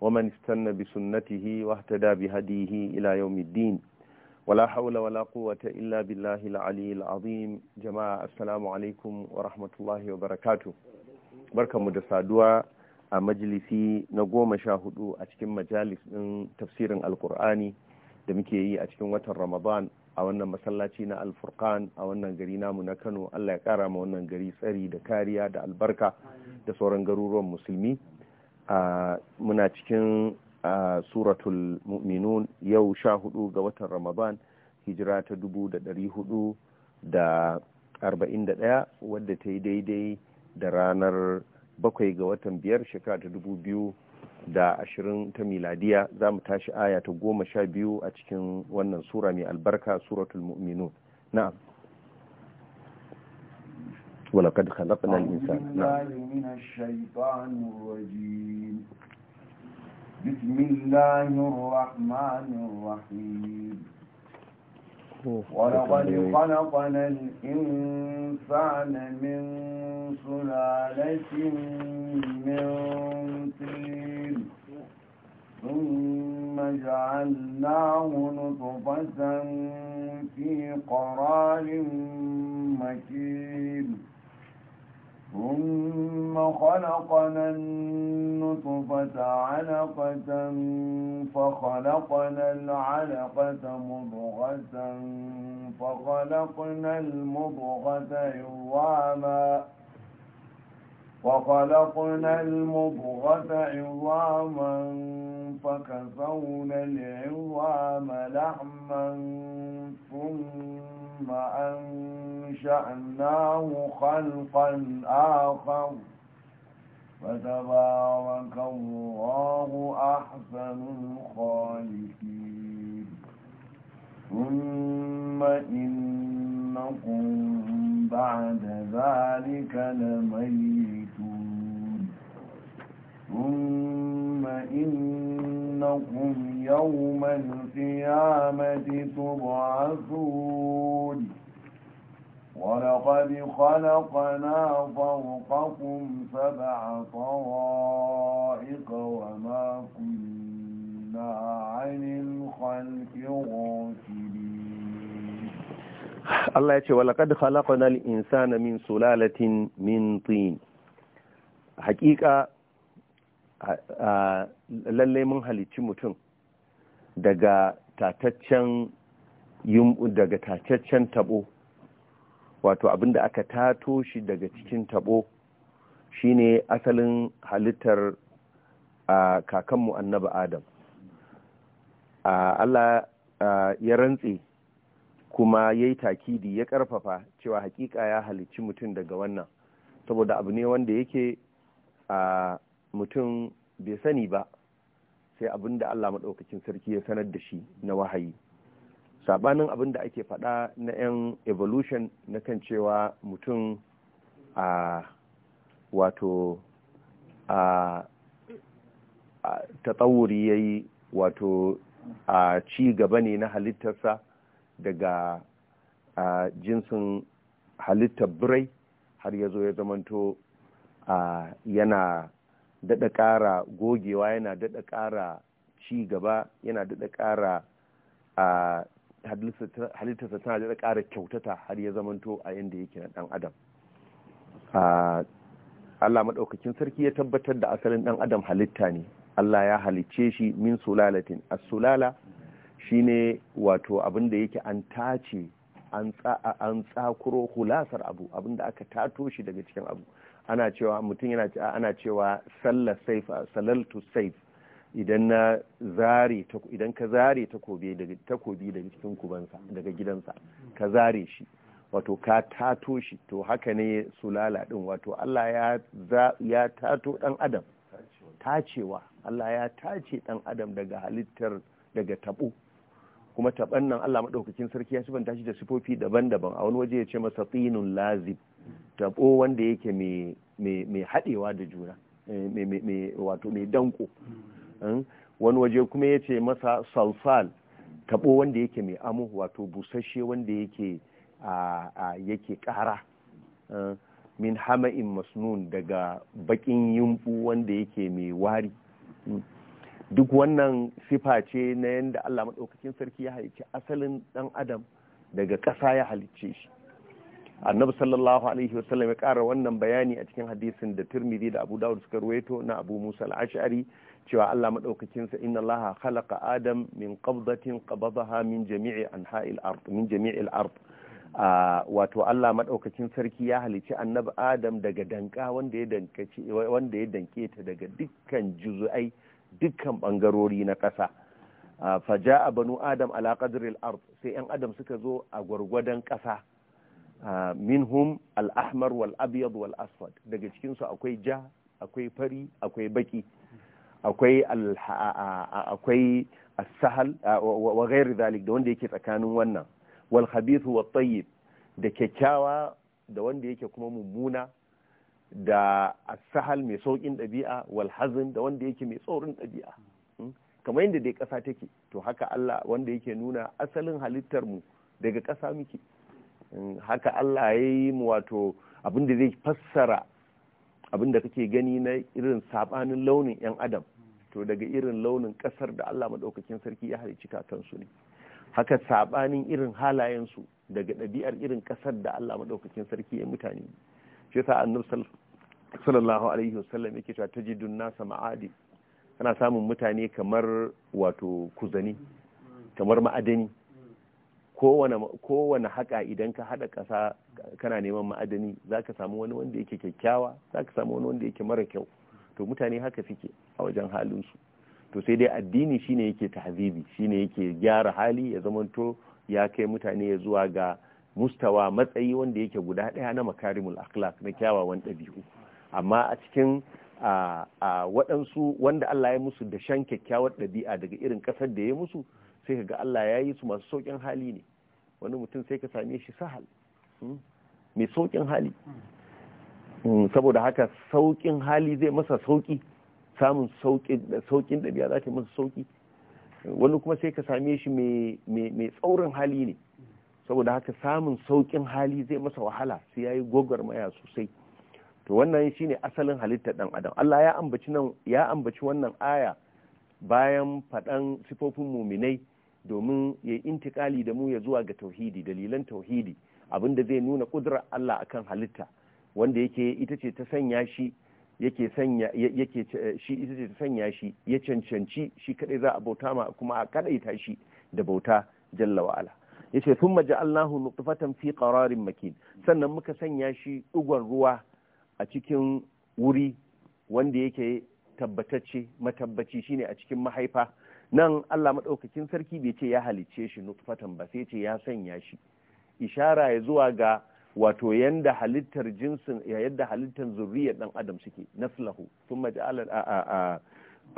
ومن استنى بسنته واهتدى بهديه إلى يوم الدين ولا حول ولا قوة إلا بالله العلي العظيم جماعة السلام عليكم ورحمة الله وبركاته بركة مدسادوة مجلسي نقوم شاهدو أتكم مجالس من تفسير القرآن da muke yi a cikin watan ramadan a wannan masallaci na alfurkan a wannan gari namu na kano allah ya kara ma wannan gari tsari da kariya da albarka da sauran garuruwan musulmi muna cikin suratul mu'minun yau sha hudu ga watan ramadan hijira ta dubu da dari hudu da arba'in da daya wadda ta yi daidai da ranar bakwai ga watan biyar shekara ta dubu biyu da ashirin ta miladiya za mu tashi aya ta goma sha biyu a cikin wannan sura mai albarka suratul mu'minun na'am ولقد خلقنا الإنسان نعم من الشيطان الرجيم بسم الله الرحمن الرحيم ولقد خلقنا الإنسان من سلالة من طين ثم جعلناه نطفة في قرار مكين ثم خلقنا النطفة علقة فخلقنا العلقة مضغة فخلقنا المضغة عظاما وخلقنا المضغة عظاما فكسونا العظام لحما ثم ثم أنشأناه خلقا آخر فتبارك الله أحسن الخالقين ثم إنكم بعد ذلك لميتون ثم إن أنكم يوم القيامة تبعثون ولقد خلقنا فوقكم سبع طرائق وما كنا عن الخلق غافلين الله يقول ولقد خلقنا الإنسان من سلالة من طين حقيقة lallai mun halicci mutum daga tataccen daga tataccen tabo wato abinda aka tato shi daga cikin tabo shine asalin halittar kakanmu annabi adam Allah ya rantse kuma ya yi takidi ya ƙarfafa cewa hakika ya halicci mutum daga wannan saboda abu ne wanda yake a mutum bai sani ba sai abin da Allah maɗaukacin sarki ya sanar da shi na wahayi sabanin abin da ake faɗa na 'yan evolution na kan cewa mutum a wato a tatsawuri ya yi wato a ci gaba ne na halittarsa daga jinsin halittar birai har ya zo ya zamanto yana daɗa ƙara gogewa yana daɗa ƙara ci gaba yana daɗa ƙara a halittarsa tana daɗa ƙara kyautata har ya zamanto a yadda yake na ɗan adam Allah maɗaukakin sarki ya tabbatar da asalin ɗan adam halitta ne Allah ya halicce shi min sulalatin as-sulala shine wato abin da yake an tace an tsakuro hulasar abu abin da aka tato shi daga cikin abu ana cewa mutum yana ana cewa salla saif salaltu saif idan na zare idan ka zare takobi daga takobi daga cikin kubansa daga gidansa ka zare shi wato ka tato shi to haka ne sulala din wato Allah ya ya tato dan adam tacewa Allah ya tace dan adam daga halittar daga tabo kuma taban nan Allah madaukakin sarki ya sifanta shi da sifofi daban-daban a wani waje ya ce masa tinun lazib tabo wanda yake mai haɗewa da juna wato mai danko hmm? wani waje kuma ya ce masa salsal taɓo wanda yake mai amo wato busasshe wanda yake yake ƙara hmm? min hama'in masnun daga baƙin yumbu wanda yake mai wari hmm? duk wannan sifa ce na yadda Allah maɗaukakin sarki ya halicci asalin ɗan adam daga ƙasa ya halicce shi annabi sallallahu alaihi wasallam ya kara wannan bayani a cikin hadisin da tirmidhi da abu dawud suka ruwaito na abu musa al-ash'ari cewa Allah madaukakin sa inna Allah khalaqa adam min qabdatin qabadaha min jami'i anha'il ard min jami'il ard wato Allah madaukakin sarki ya halici annabi adam daga danka wanda ya dankaci wanda ya danke ta daga dukkan juzu'ai dukkan bangarori na ƙasa ja'a banu adam ala qadri al-ard sai yan adam suka zo a gwargwadon ƙasa minhum al-ahmar wal abyad wal asfad daga cikin su akwai ja akwai fari akwai baki akwai akwai wa ghairi zalik da wanda yake tsakanin wannan wal khabithu wat tayyib da kyakkyawa da wanda yake kuma mummuna da asahal mai saukin ɗabi'a wal hazin da wanda yake mai tsorin ɗabi'a kamar yadda dai ƙasa take to haka Allah wanda yake nuna asalin halittar mu daga ƙasa muke haka Allah ya yi mu wato abin da zai fassara abin da kake gani na irin sabanin launin 'yan adam to daga irin launin kasar da Allah maɗaukakin sarki ya halicci kakansu ne haka sabanin irin halayensu daga ɗabi'ar irin kasar da Allah maɗaukakin sarki ya mutane shi yasa annabi sallallahu alaihi wasallam yake cewa tajidun nasa ma'adi kana samun mutane kamar wato kuzani kamar ma'adani kowane haka idan ka haɗa ƙasa kana neman ma'adani za ka samu wani wanda yake kyakkyawa za ka samu wani wanda yake mara kyau to mutane haka suke a wajen halinsu to sai dai addini shine yake tahzibi shine yake gyara hali ya zamanto ya kai mutane ya zuwa ga mustawa matsayi wanda yake guda ɗaya na makarimul akhlaq na kyawawan ɗabi'u amma a cikin a waɗansu wanda Allah ya musu da shan kyakkyawar ɗabi'a daga irin ƙasar da ya musu sai ka ga Allah ya yi su masu saukin hali ne wani mutum sai ka same shi sahal hmm, mai saukin hali hmm, saboda haka saukin hali zai masa sauki samun saukin ɗabi'a za ta masa sauki wani kuma sai ka same shi mai tsaurin hali ne saboda haka samun saukin hali zai masa wahala sai ya yi gwagwarmaya sosai to wannan shi ne asalin halittar ɗan adam Allah ya ambaci wannan aya bayan faɗan sifofin muminai domin ya yi intikali da mu ya zuwa ga tauhidi dalilan tauhidi abinda zai nuna kudurar Allah akan halitta wanda yake ita ce ta sanya shi yake sanya yake shi ita ce ta sanya shi ya cancanci shi kadai za a bauta ma kuma a kadaita shi da bauta jalla wa ala yace thumma ja'alnahu nutfatan fi qararin makin sannan muka sanya shi dugon ruwa a cikin wuri wanda yake tabbatacce matabbaci shine a cikin mahaifa nan Allah maɗaukakin sarki bai ce ya halicce shi nutfatan ba sai ce ya sanya shi ishara ya zuwa ga wato yanda halittar jinsin yadda halittar zurriya dan adam suke naslahu sun maji a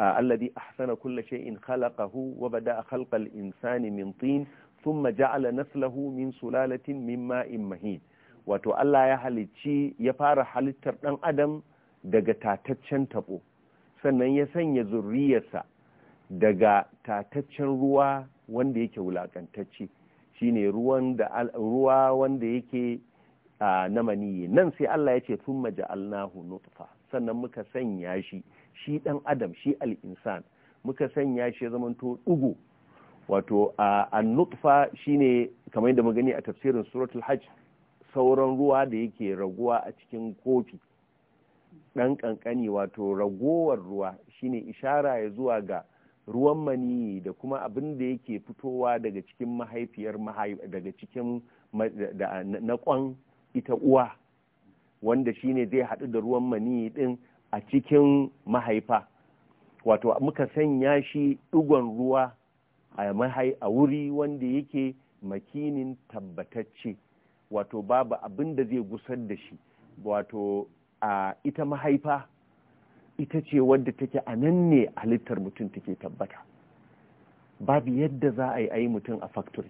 alladhi ahsana kulla shay'in khalaqahu wa bada'a khalqal insani min tin thumma ja'ala naslahu min sulalatin min ma'in mahin wato Allah ya halicci ya fara halittar dan adam daga tataccen tabo sannan ya sanya zurriyarsa daga tataccen ruwa wanda yake wulakantacce shine ruwan ruwa wanda yake na maniyi nan sai Allah ya ce maja alnahu nutfa sannan muka sanya shi shi dan adam shi al'insan muka sanya shi ya zamanto ɗugu wato a nutfa shine kamar yadda magani a tafsirin suratul hajj sauran ruwa da yake raguwa a cikin kofi ɗan ƙanƙani wato ragowar ruwa shine ishara ya zuwa ga ruwan maniyi da kuma abin da yake fitowa daga cikin mahaifiyar daga cikin na kwan ita uwa wanda shine zai haɗu da ruwan maniyi ɗin a cikin mahaifa wato muka sanya shi ɗigon ruwa a wuri wanda yake makinin tabbatacce wato babu abin da zai gusar da shi wato a ita mahaifa ita ce wadda take a nan ne halittar mutum take tabbata babu yadda za a yi ayi mutum a factory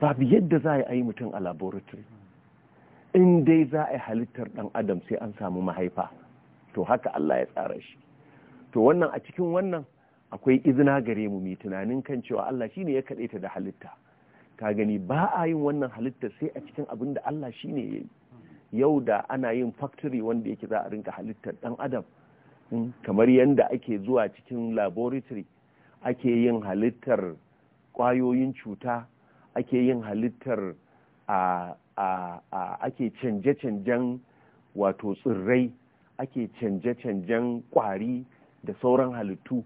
babu yadda za a yi ayi mutum a laboratory in dai za a yi halittar ɗan adam sai an samu mahaifa to haka Allah ya tsara shi to wannan a cikin wannan akwai izina gare mu mai tunanin kan cewa Allah shine ya ta da halitta ka gani ba a yin wannan halittar sai a cikin abin da Allah shine ya yi yau da ana yin factory wanda yake za a rinka halittar dan adam hmm, kamar yadda ake zuwa cikin laboratory ake yin halittar kwayoyin cuta ake yin halittar a ake canje-canjen wato tsirrai ake canje-canjen kwari da sauran halittu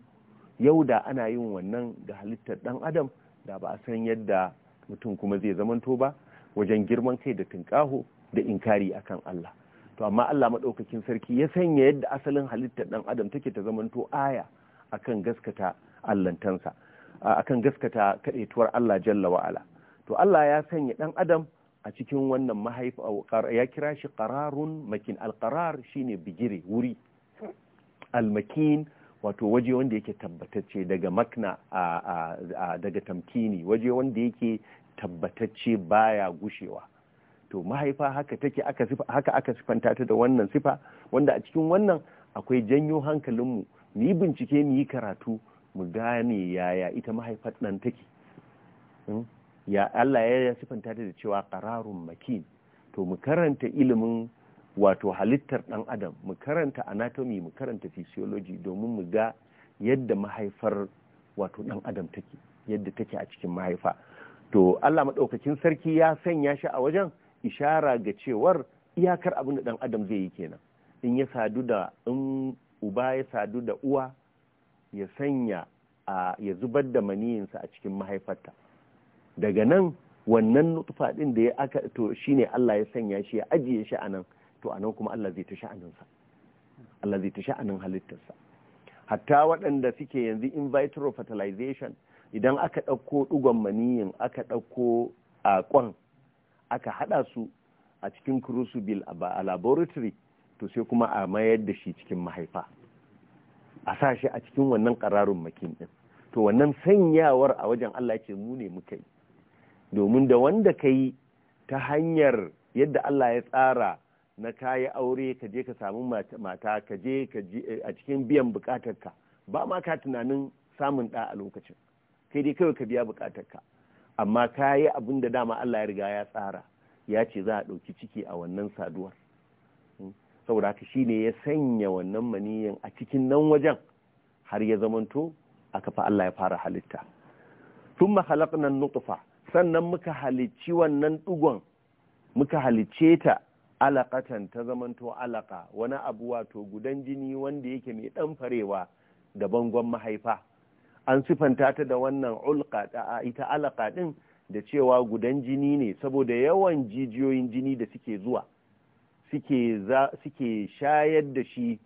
yau da ana yin wannan da halittar dan adam da ba a san yadda mutum kuma zai zamanto ba wajen girman kai da tunƙaho da inkari akan Allah to amma Allah madaukakin sarki ya sanya yadda asalin halittar dan adam take ta zamanto aya akan gaskata allantansa akan gaskata kadaituwar Allah jalla wa ala to Allah ya sanya dan adam a cikin wannan mahaifa ya kira shi qararun makin alqarar shine bigire wuri almakin wato waje wanda yake tabbatacce daga makna daga tamkini waje wanda yake tabbatacce baya gushewa to mahaifa haka take aka sifa haka aka sifanta ta da wannan sifa wanda a cikin wannan akwai janyo hankalinmu mu yi bincike mu yi karatu mu gane yaya ita mahaifar ɗan take hmm? ya Allah ya sifanta ta da cewa qararun makin to mu karanta ilimin wato halittar ɗan adam mu karanta anatomy mu karanta physiology domin mu ga yadda mahaifar wato ɗan adam take yadda take a cikin mahaifa to Allah maɗaukakin sarki ya sanya shi a wajen ishara ga cewar iyakar abin da dan adam zai yi kenan in ya sadu da in uba ya sadu da uwa ya sanya ya zubar da maniyinsa a cikin mahaifarta daga nan wannan nutfa din da ya aka to shine Allah ya sanya shi ya ajiye shi anan to anan kuma Allah zai ta sha'aninsa Allah zai ta sha'anin halittarsa hatta waɗanda suke yanzu in vitro fertilization idan aka ɗauko ɗugon maniyin aka ɗauko a kwan aka hada su a cikin crucible a laboratory to sai kuma a mayar da shi cikin mahaifa a sa shi a cikin wannan kararun makin ɗin to wannan sanyawar a wajen Allah ce mu ne muka yi domin da wanda ka yi ta hanyar yadda Allah ya tsara na kayi aure ka je ka samu mata ka je eh, a cikin biyan bukatarka ba ma ka tunanin samun ɗa a lokacin kai dai kawai ka biya bukatarka amma ka yi abin da dama Allah ya riga ya tsara ya ce za a ɗauki ciki a wannan saduwar hmm? saboda haka shi ne ya sanya wannan maniyan a cikin nan wajen har ya zamanto a kafa Allah ya fara halitta tun mahalaknan nutufa sannan muka halicci wannan ɗugon muka halicce ta alaƙatan ta zamanto alaƙa wani abu wato gudan jini wanda yake mai ɗan farewa da bangon mahaifa an sifanta ta da wannan ulqa ita alaka din da cewa gudan jini ne saboda yawan jijiyoyin jini da suke zuwa suke shayar da shi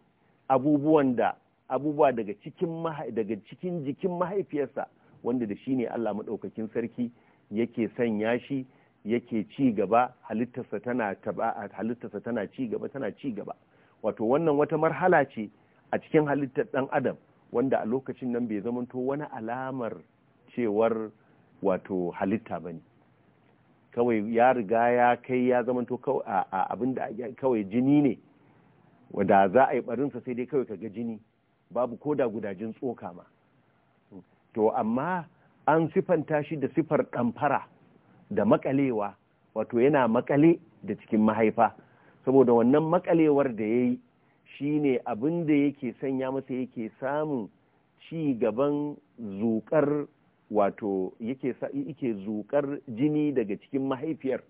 abubuwan da abubuwa daga cikin daga cikin jikin mahaifiyarsa wanda da shi ne Allah maɗaukakin sarki yake sanya shi yake ci gaba halittarsa tana taba halittarsa tana ci gaba tana ci gaba wato wannan wata marhala ce a cikin halittar ɗan adam wanda a lokacin nan bai zamanto wani alamar cewar wato halitta ba ne kawai ya riga ya kai ya zamanto abinda kawai jini ne wadda za a yi barinsa sai dai kawai kaga jini babu ko da gudajin tsoka ma to amma an sifanta shi da sifar ɗamfara da makalewa wato yana makale da cikin mahaifa saboda wannan makalewar da ya yi shine abin da yake sanya masa yake samun ci gaban zukar wato yake yake zukar jini daga cikin mahaifiyar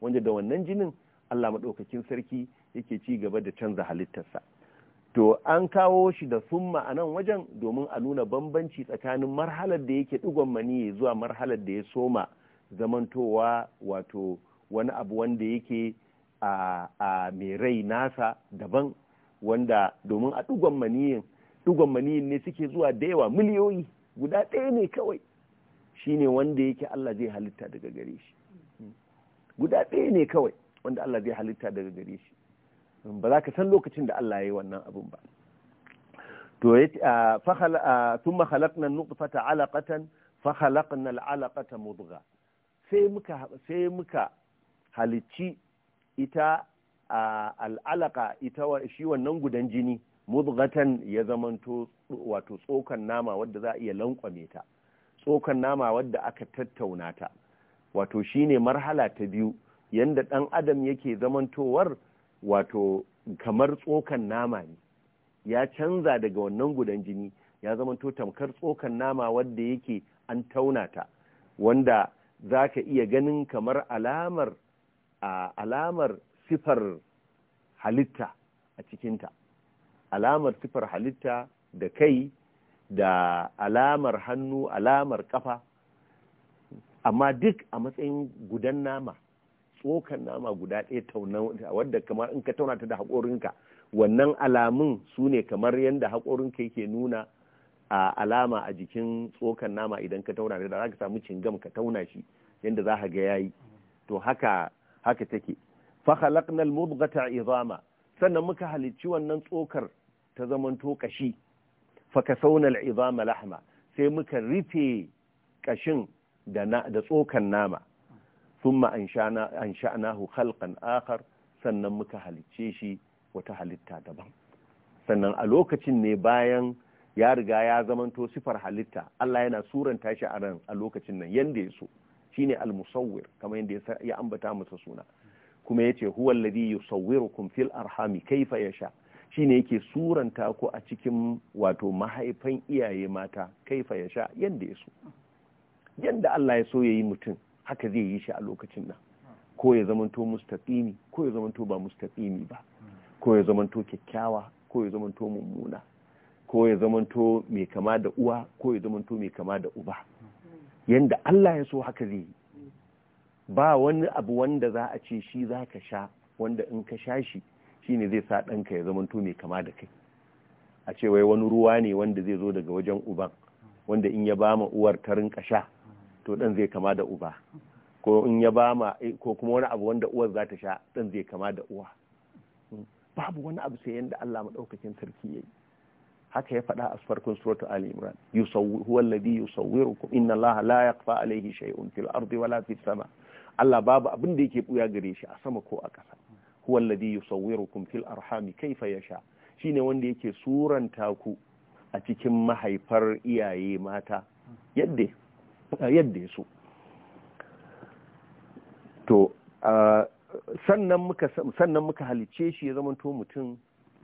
wanda da wannan jinin Allah maɗaukakin sarki yake ci gaba da canza halittarsa to an kawo shi da summa a nan wajen domin a nuna bambanci tsakanin marhalar da yake digon mani zuwa marhalar da ya soma zamantowa wato wani abu wanda yake a mai rai nasa daban wanda domin a ɗugon maniyin ɗugon maniyin ne suke zuwa da yawa miliyoyi guda ɗaya ne kawai shine wanda yake Allah zai halitta daga gare shi guda ɗaya ne kawai wanda Allah zai halitta daga gare shi ba za ka san lokacin da Allah ya yi wannan abin ba to ya ce sun nutfata 'alaqatan fa khalaqna al-'alaqata mudgha sai muka sai muka halicci ita A al'alaka ita shi wannan gudan jini Muzgatan ya zamanto wato tsokan nama wadda za a iya lankwame ta tsokan nama wadda aka tattauna ta wato shine marhala ta biyu yanda dan adam yake zamantowar wato kamar tsokan nama ne ya canza daga wannan gudan jini ya zamanto tamkar tsokan nama wadda yake an tauna ta wanda za ka iya ganin kamar alamar alamar sifar halitta a cikinta alamar sifar halitta da kai da alamar hannu alamar kafa amma duk a matsayin gudan nama tsokan nama guda ɗaya tauna wadda kamar in ka tauna ta da haƙorinka wannan alamun su ne kamar yadda haƙorinka yake nuna a alama a jikin tsokan nama idan ka tauna da za ka samu cingam ka tauna shi yadda za ka ga yayi to haka haka take fa khalaqnal mudghata izama sannan muka halicci wannan tsokar ta zamanto kashi fa kasawna al izama lahma sai muka rufe kashin da da tsokan nama thumma anshana ansha'nahu khalqan akhar sannan muka halicce shi wata halitta daban sannan a lokacin ne bayan ya riga ya zamanto sifar halitta Allah yana suranta shi a ran a lokacin nan yanda ya so shine al-musawwir kamar yanda ya ambata masa suna kuma yace huwa alladhi yusawwirukum fil arhami kaifa yasha shine yake suranta ku a cikin wato mahaifan iyaye mata kaifa yasha yanda yaso yanda Allah ya so yayi mutum haka zai yi shi a lokacin nan ko ya zamanto mustaqimi ko ya zamanto ba mustaqimi ba ko ya zamanto kyakkyawa ko ya zamanto mummuna ko ya zamanto mai kama da uwa ko ya zamanto mai kama da uba yanda Allah ya so haka zai yi ba wani abu wanda za a ce shi za ka sha wanda in ka sha shi Shi ne zai sa ɗanka ya zamanto mai kama da kai a ce wai wani ruwa ne wanda zai zo daga wajen uban wanda in ya ba ma uwar ta rinka sha to ɗan zai kama da uba ko in ya ba ma eh, ko kuma wani abu wanda uwar za ta sha ɗan zai kama da uwa babu wani abu sai yanda Allah maɗaukakin sarki ya yi haka ya faɗa a farkon suratu Ali Imran yusawwiru huwa alladhi yusawwirukum inna allaha la yakhfa alayhi shay'un fil ardi wala fis sama' Allah babu abin da yake buya gare shi a sama ko a ƙasa huwal ladhi yusawwirukum fil arhami kayfa yasha shine wanda yake suranta ku a cikin mahaifar iyaye mata yadda yadda so to sannan muka sannan muka halice shi ya zamanto mutum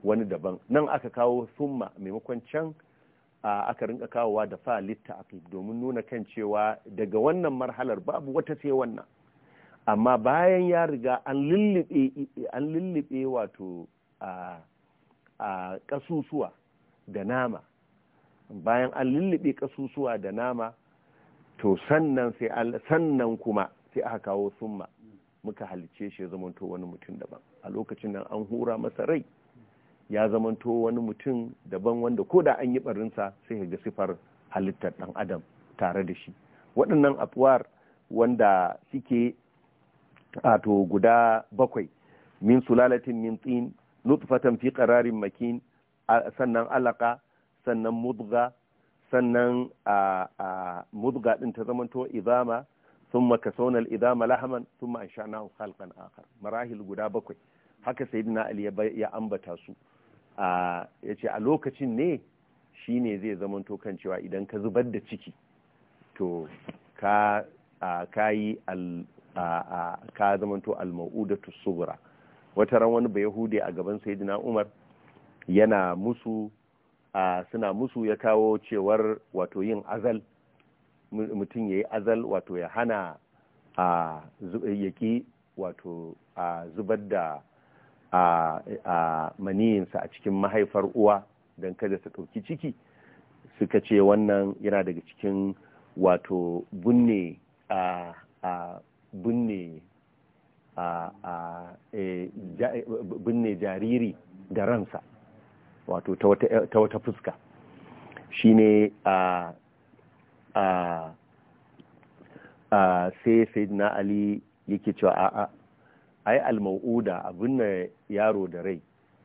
wani daban nan aka kawo summa maimakon can a aka rinka kawowa da fa litta domin nuna kan cewa daga wannan marhalar babu wata sai wannan amma bayan ya riga an lullube wato a kasusuwa da nama bayan an lullube kasusuwa da nama to sannan kuma sai aka kawo summa muka halice shi ya zamanto wani mutum daban a lokacin nan an hura masa rai ya zamanto wani mutum daban wanda ko da an yi barinsa sai ga sifar halittar dan adam tare da shi waɗannan afuwar wanda suke ato guda bakwai min sulalatin min tsin nutfatan fi qararin makin sannan alaka sannan mudga sannan a mudga din ta zamanto idama thumma kasawna al-idama lahman thumma ansha'nahu khalqan akhar marahil guda bakwai haka sayyidina ali ya ambata su a yace a lokacin ne shine zai zamanto kan cewa idan ka zubar da ciki to ka kayi ka zamanto al-mau'udatu wata ran wani ba yahudi a gaban sayyidina Umar yana musu suna musu ya kawo cewar wato yin azal mutum yayi azal wato ya hana a wato zubar da a maniyinsa a cikin mahaifar uwa don kada ta ɗauki ciki suka ce wannan yana daga cikin wato bunne a binne e, e, binne jariri da ransa wato ta wata fuska shine a a a sai sayyidina ali yake cewa a'a ai almau'uda abin na yaro da rai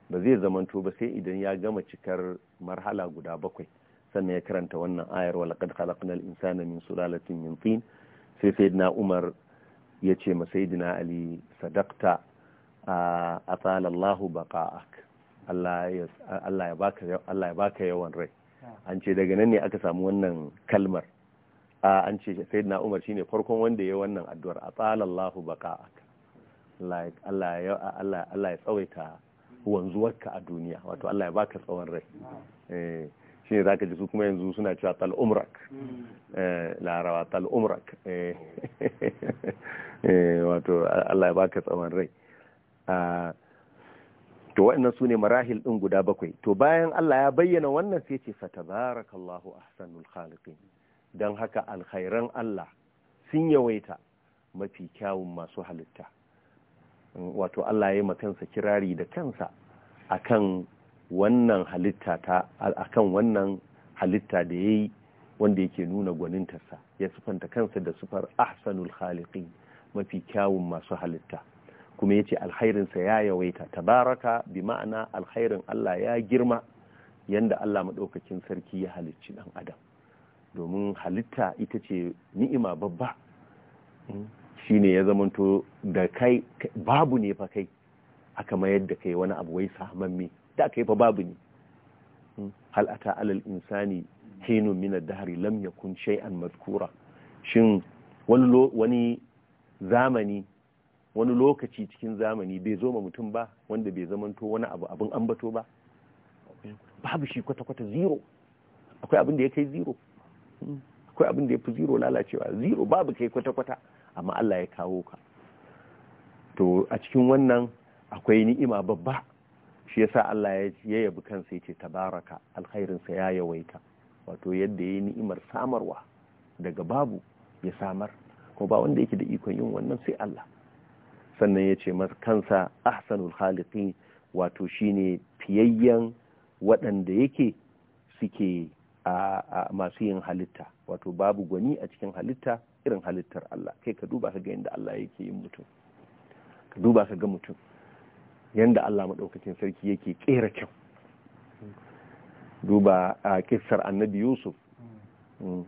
ba zai zamanto ba sai idan ya gama cikar marhala guda bakwai sannan ya karanta wannan ayar walakad laqad khalaqnal insana min sulalatin min tin sai sayyidina umar ya ce masaidina ali sadakta a tsalallahu baka'ak Allah ya baka yawan rai an ce daga nan ne aka samu wannan kalmar an ce Saidina umar shine farkon wanda ya wannan addu'ar a baka'ak Allah ya tsawaita wanzuwarka a duniya wato Allah ya baka tsawon rai eh. shine ka ji su kuma yanzu suna cewa tal'umrak eh, larawa eh, eh, wato Allah ya baka tsawon rai ah, to waɗannan su ne marahil ɗin guda bakwai to bayan Allah ya bayyana wannan sai ce fatabarakallahu ahsanul khaliqin don haka alkhairan Allah sun yawaita mafi kyawun masu halitta wato Allah ya yi kansa kirari da kansa akan wannan halitta ta akan wannan halitta da ya yi wanda yake nuna gwanintarsa ya sufanta kansa da sufar ahsanul khaliqi mafi kyawun masu halitta kuma ya ce alkhairinsa ya yawaita tabaraka bi ma'ana alkhairin Allah ya girma yanda Allah maɗaukakin sarki ya halicci ɗan adam domin halitta ita ce ni'ima babba shine ya zamanto da kai babu ne fa kai aka mayar da kai wani abu wai samamme da aka yi fa babu ni hmm. hal ata alal insani hinu min ad-dahr lam yakun shay'an madhkura shin wani wani zamani wani lokaci cikin zamani bai zo ma mutum ba wanda bai zamanto wani abu abin ambato ba babu shi kwata-kwata zero akwai abin da ya kai zero hmm. akwai abin da ya fi zero lalacewa zero babu kai kwata-kwata amma Allah ya kawo ka to a cikin wannan akwai ni'ima babba shi yasa Allah ya yabi kansa yace tabaraka alkhairinsa ya yawaita wato yadda yayi ni'imar samarwa daga babu ya samar ko ba wanda yake da ikon yin wannan sai Allah sannan ya yace kansa ahsanul khaliqin wato shine fiyayyen waɗanda yake suke a masu yin halitta wato babu gwani a cikin halitta irin halittar Allah kai ka duba ka ga inda Allah yake yin mutum ka duba ka ga mutum yanda Allah maɗaukacin sarki yake ƙera kyau duba a kissar annabi yusuf mm.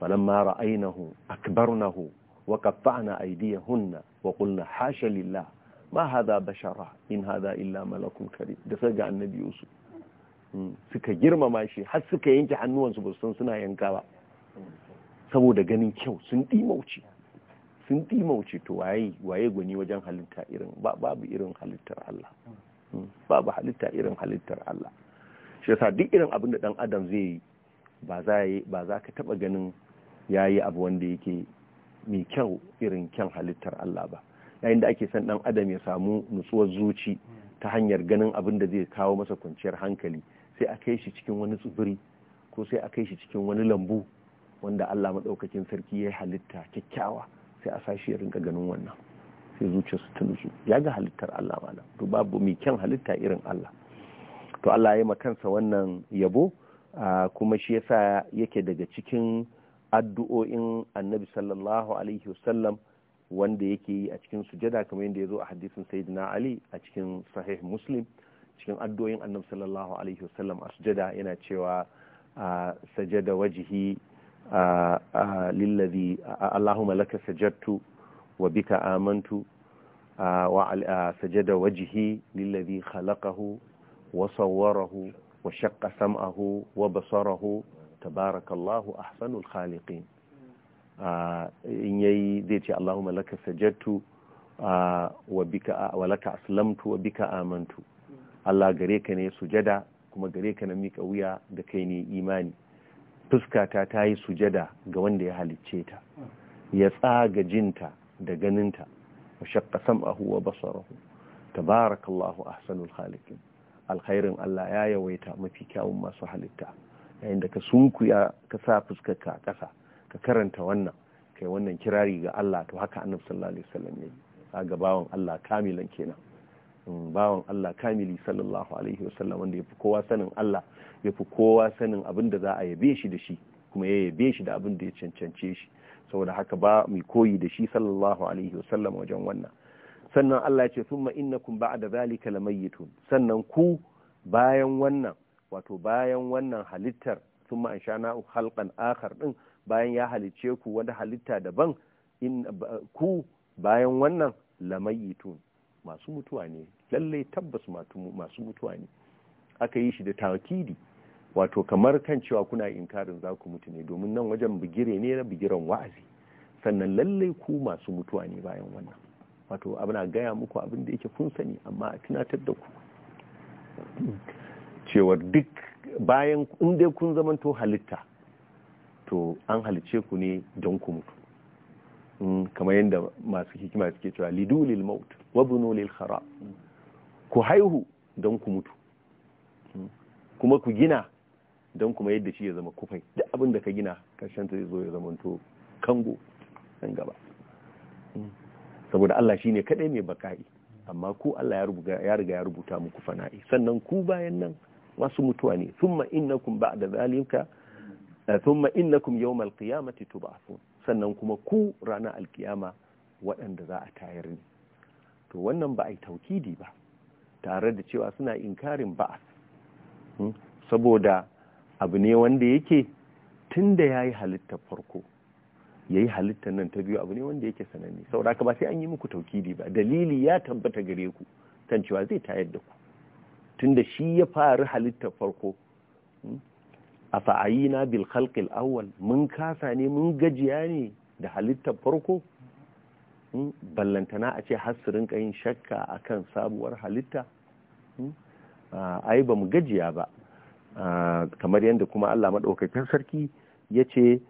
falamma ra'aynahu akbarnahu wa qatta'na aydiyahunna wa qulna hasha lillah ma hadha bashara in hadha illa malakun karim da sai ga annabi yusuf mm. suka girmama shi har suka yanke hannuwansu ba san suna yanka saboda ganin kyau sun dimauce sun ɗimauce to waye waye gwani wajen halitta irin babu irin halittar Allah hmm, babu halitta irin halittar Allah shi yasa duk irin abin da dan adam zai yi ba za yi ba za ka taba ganin yayi abu wanda yake mai kyau irin kyan halittar Allah ba yayin da ake san dan adam ya samu nutsuwar zuci ta hanyar ganin abin da zai kawo masa kwanciyar hankali sai a kai shi cikin wani tsibiri ko sai a kai shi cikin wani lambu wanda Allah madaukakin sarki ya halitta kyakkyawa sai a sashi ya rinka ganin wannan sai zuciya su tunzu ya ga halittar Allah mana to babu mai kyan halitta irin Allah to Allah ya yi makansa wannan yabo kuma shi yasa yake daga cikin addu'o'in annabi sallallahu alaihi wasallam wanda yake yi a cikin sujada kamar yadda ya zo a hadisin sayyidina ali a cikin sahih muslim cikin addu'o'in annabi sallallahu alaihi wasallam a sujada yana cewa sajada wajihi lillazi Allahumma laka sajadtu wa bika amantu wa sajada wajhi lillazi khalaqahu wa sawwarahu wa shaqqa sam'ahu wa basarahu tabarakallahu ahsanul khaliqin in yayi zai ce Allahumma laka sajadtu wa bika wa laka aslamtu wa bika amantu Allah gare ka ne sujada kuma gare ka na mika wuya da kai ne imani fuskata ta yi sujada ga wanda ya halicce ta ya tsaga jinta da ganinta wa shakka sam'ahu wa basarahu tabarakallahu ahsanul halikin alkhairin Allah ya yawaita mafi kyawun masu halitta yayin da ka sunkuya ka sa fuskarka a ƙasa ka karanta wannan kai wannan kirari ga Allah to haka annabi sallallahu alaihi wasallam a gabawan Allah kamilan kenan bawan Allah kamili sallallahu alaihi wasallam wanda yafi kowa sanin Allah yafi kowa sanin abin da za a yabe shi da shi kuma ya yabe shi da abin da ya cancance shi saboda haka ba mu koyi da shi sallallahu alaihi wasallam wajen wannan sannan Allah ya ce thumma innakum ba'da zalika lamayitun sannan ku bayan wannan wato bayan wannan halittar na anshana halqan akhar din bayan ya halicce ku wani halitta daban in ku bayan wannan lamayitun masu mutuwa ne lallai tabbas masu mutuwa ne aka yi shi da takidi wato kamar kan cewa kuna inkarin za ku mutu ne domin nan wajen bigire ne na bigiren wa'azi sannan lallai ku masu mutuwa ne bayan wannan wato abin gaya muku abin da yake kun sani amma a tunatar da ku cewar duk bayan inda kun zamanto halitta to an halice ku ne don ku mutu hmm, kamar yadda masu hikima suke cewa lidulil maut wa bunulil kharab ku haihu don ku mutu kuma ku gina don kuma yadda shi ya zama kufai duk abin da ka gina karshen ta zai zo ya zama to kango nan gaba saboda Allah shine kadai mai baka'i amma ku Allah ya riga ya rubuta muku fana'i sannan ku bayan nan masu mutuwa ne thumma innakum ba'da zalika eh, thumma innakum yawmal qiyamati tub'athun sannan kuma ku ranar alkiyama waɗanda za a tayar ne to wannan ba a yi taukidi ba tare da cewa suna inkarin ba'as hmm? saboda abu ne wanda yake tun da ya yi halittar farko ya yi halittar nan ta biyu abu ne wanda yake sananne saboda haka ba sai an yi muku taukidi ba dalili ya tabbata gare ku kan cewa zai tayar da ku tun da shi ya faru halittar farko hmm? a fa'ayi na bil khalqil mun kasa ne mun gajiya ne da halittar farko hmm? ballantana a ce har su rinka yin shakka akan sabuwar halitta yi ba mu gajiya ba kamar yadda kuma Allah maɗaukakin sarki ya ce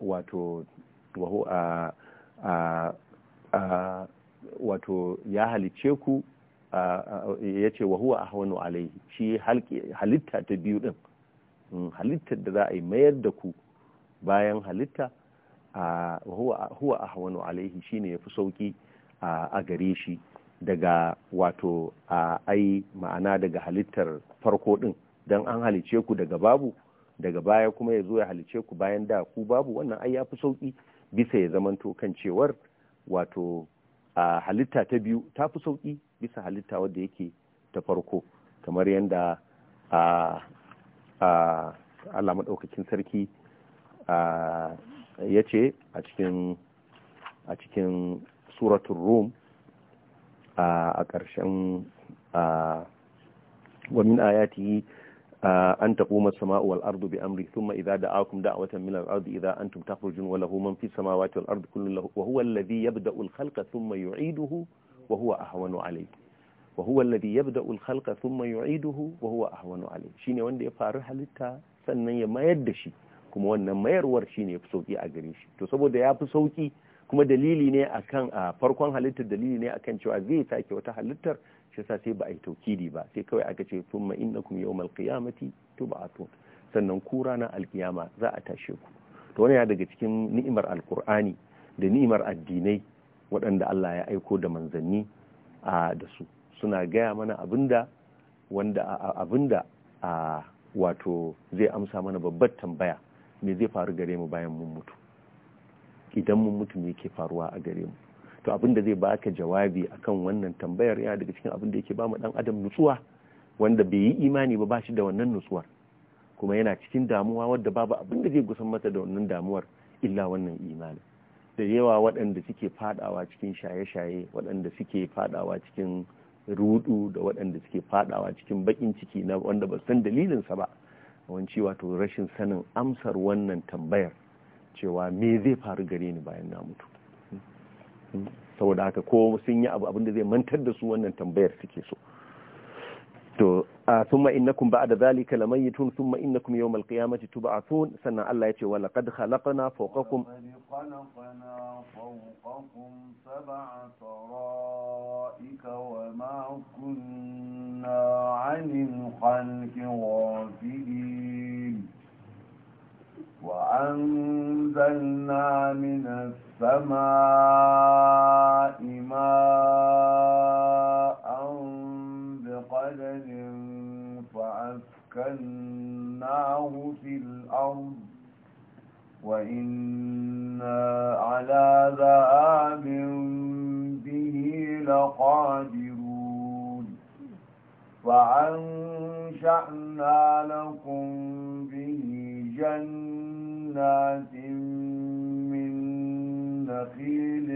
wato wato ya halice ku ya ce wa huwa alaihi shi halitta ta biyu din hmm, halittar da za a yi mayar da ku bayan halitta huwa a ahwanu alaihi ya fi sauki a gare shi daga wato a ai ma'ana daga halittar farko din don an halice ku daga babu daga baya kuma ya zo ya halice ku bayan da ku babu wannan ai ya fi sauki bisa ya zamanto kan cewar wato a halitta ta biyu ta fi sauki bisa halitta wadda yake ta farko kamar yadda a a Allah maɗaukakin sarki ya ce a cikin a cikin suratun rum a ƙarshen wa min ayatihi an taquma as-sama'u wal ardu bi amri thumma idha da'akum da'watan min al-ardi idha antum takhrujun wa lahu man fi as-samawati wal ardi kullun lahu wa huwa alladhi yabda'u al-khalqa thumma yu'iduhu wa huwa ahwanu alayhi wa huwa alladhi yabda'u al-khalqa thumma yu'iduhu wa huwa ahwanu alayhi shine wanda ya faru halitta sannan ya mayar da shi kuma wannan mayarwar shine ya fi sauki a gare shi to saboda ya fi sauki kuma dalili ne kan a farkon halittar dalili ne a kan cewa zai sake wata halittar shi sa sai ba a yi taukidi ba sai kawai aka ce thumma to ba a tub'atun sannan ku ranar alkiyama za a tashe ku to wani ya daga cikin ni'imar alkur'ani da ni'imar addinai waɗanda Allah ya aiko da manzanni a da su suna gaya mana abinda wanda wato zai amsa mana babbar tambaya me zai faru gare mu bayan mun mutu idan mun mutu me yake faruwa a gare mu to abin da zai baka jawabi akan wannan tambayar yana daga cikin abin da yake ba mu dan adam nutsuwa wanda bai yi imani ba bashi da wannan nutsuwar kuma yana cikin damuwa wadda babu abin da zai gusan masa da wannan damuwar illa wannan imani da yawa waɗanda suke fadawa cikin shaye-shaye waɗanda suke fadawa cikin rudu da waɗanda suke fadawa cikin bakin ciki na wanda ba san dalilinsa ba wancewa to rashin sanin amsar wannan tambayar cewa me zai faru gare ni bayan na mutu saboda haka ko sun yi abu abinda zai mantar da su wannan tambayar suke so to a thumma innakum ba'da zalika lamaytun thumma innakum yawm alqiyamati tub'athun sannan Allah ya ce wa laqad khalaqna fawqakum sab'a sara'ika wa ma kunna 'anil khalqi ghafilin وأنزلنا من السماء ماء بقدر فأسكناه في الأرض وإنا على ذهاب به لقادرون فأنشأنا لكم به جنة جنات من نخيل